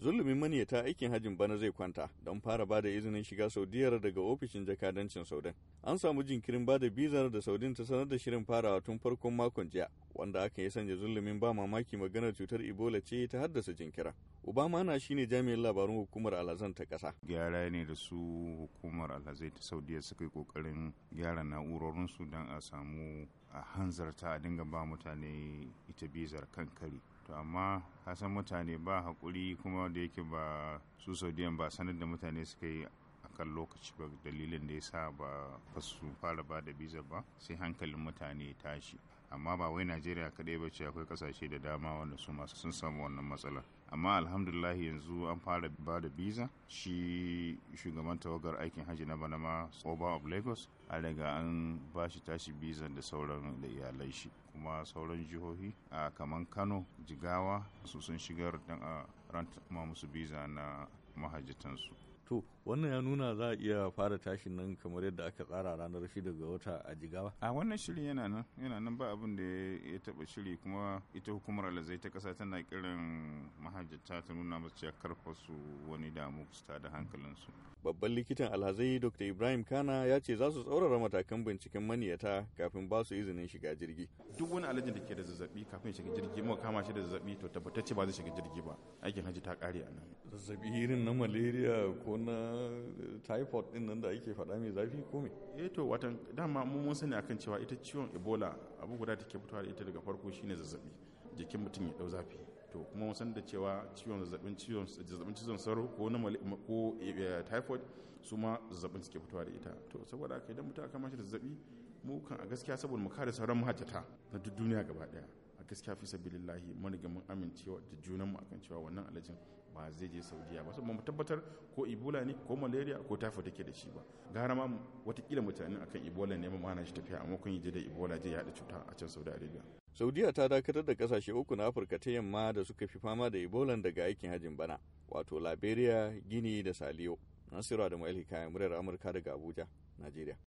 zulumin maniyata aikin hajjin bana zai kwanta don fara bada izinin shiga saudiyar daga ofishin jakadancin saudan an samu jinkirin bada da bizar da saudin ta sanar da shirin farawa tun farkon makon jiya wanda aka yi sanya zulumin ba mamaki maganar cutar ebola ce ta haddasa jinkira obama na shine jami'in labarun hukumar alhazan ta kasa gyara ne da su hukumar alhazai ta saudiya suka yi kokarin gyara na'urorinsu don a samu a hanzarta a dinga ba mutane ita bizar kan to amma hasan mutane ba haƙuri kuma da yake ba su saudiyan ba sanar da mutane suka yi akan lokaci ba dalilin da ya sa ba su fara ba da biza ba sai hankalin mutane ya tashi amma ba wai najeriya kaɗai ba ce akwai ƙasashe da dama wanda su masu sun samu wannan matsalar amma alhamdulahi yanzu an fara ba da biza shi shugaban tawagar aikin hajji na bana ma tsoba of lagos a daga an ba shi tashi biza da sauran da iyalai shi kuma sauran jihohi a kaman kano jigawa su sun shigar dan a ranta musu biza na mahajjatansu To wannan ya nuna za a iya fara tashin nan kamar yadda aka tsara ranar shida ga wata a jigawa. A wannan shiri yana nan yana nan ba abin da ya taba shiri kuma ita hukumar alazai ta kasa tana kiran mahajjata ta nuna masu cewa karfa su wani damu su da hankalinsu. Babban likitan alhazai Dr. Ibrahim Kana ya ce za su tsaurara matakan binciken maniyata kafin ba su izinin shiga jirgi. Duk wani alajin da ke da zazzabi kafin shiga jirgi muka kama shi da zazzabi to tabbatacce ba zai shiga jirgi ba aikin hajji ta kare a nan. Zazzabi irin na malaria ko kamar na eh, typhoid din nan da ake faɗa mai zafi ko me eh to watan dama mu mun sani akan cewa ita ciwon ebola abu guda take fitowa da ita daga farko shine zazzabi jikin mutum ya dau zafi to kuma mun san da cewa ciwon zazzabin ciwon zazzabin cizon sauro ko na ko eh, typhoid su ma zazzabin suke fitowa da ita to saboda haka idan mutum aka mashi zazzabi mu kan a gaskiya saboda mu kare sauran mahajjata na duk duniya gaba daya gaskiya fi sabilillahi mun riga mun amincewa da junanmu akan cewa wannan alajin ba zai je saudiya ba saboda mu tabbatar ko ebola ne ko malaria ko typhoid take da shi ba gara ma watakila mutane akan ebola ne ma na shi tafiya amma kun je da ebola je yaɗa cuta a can saudi arabia saudiya ta dakatar da kasashe uku na afirka ta yamma da suka fi fama da ebola daga aikin hajin bana wato liberia gini da saliyo nasiru da mai kayan muryar amurka daga abuja najeriya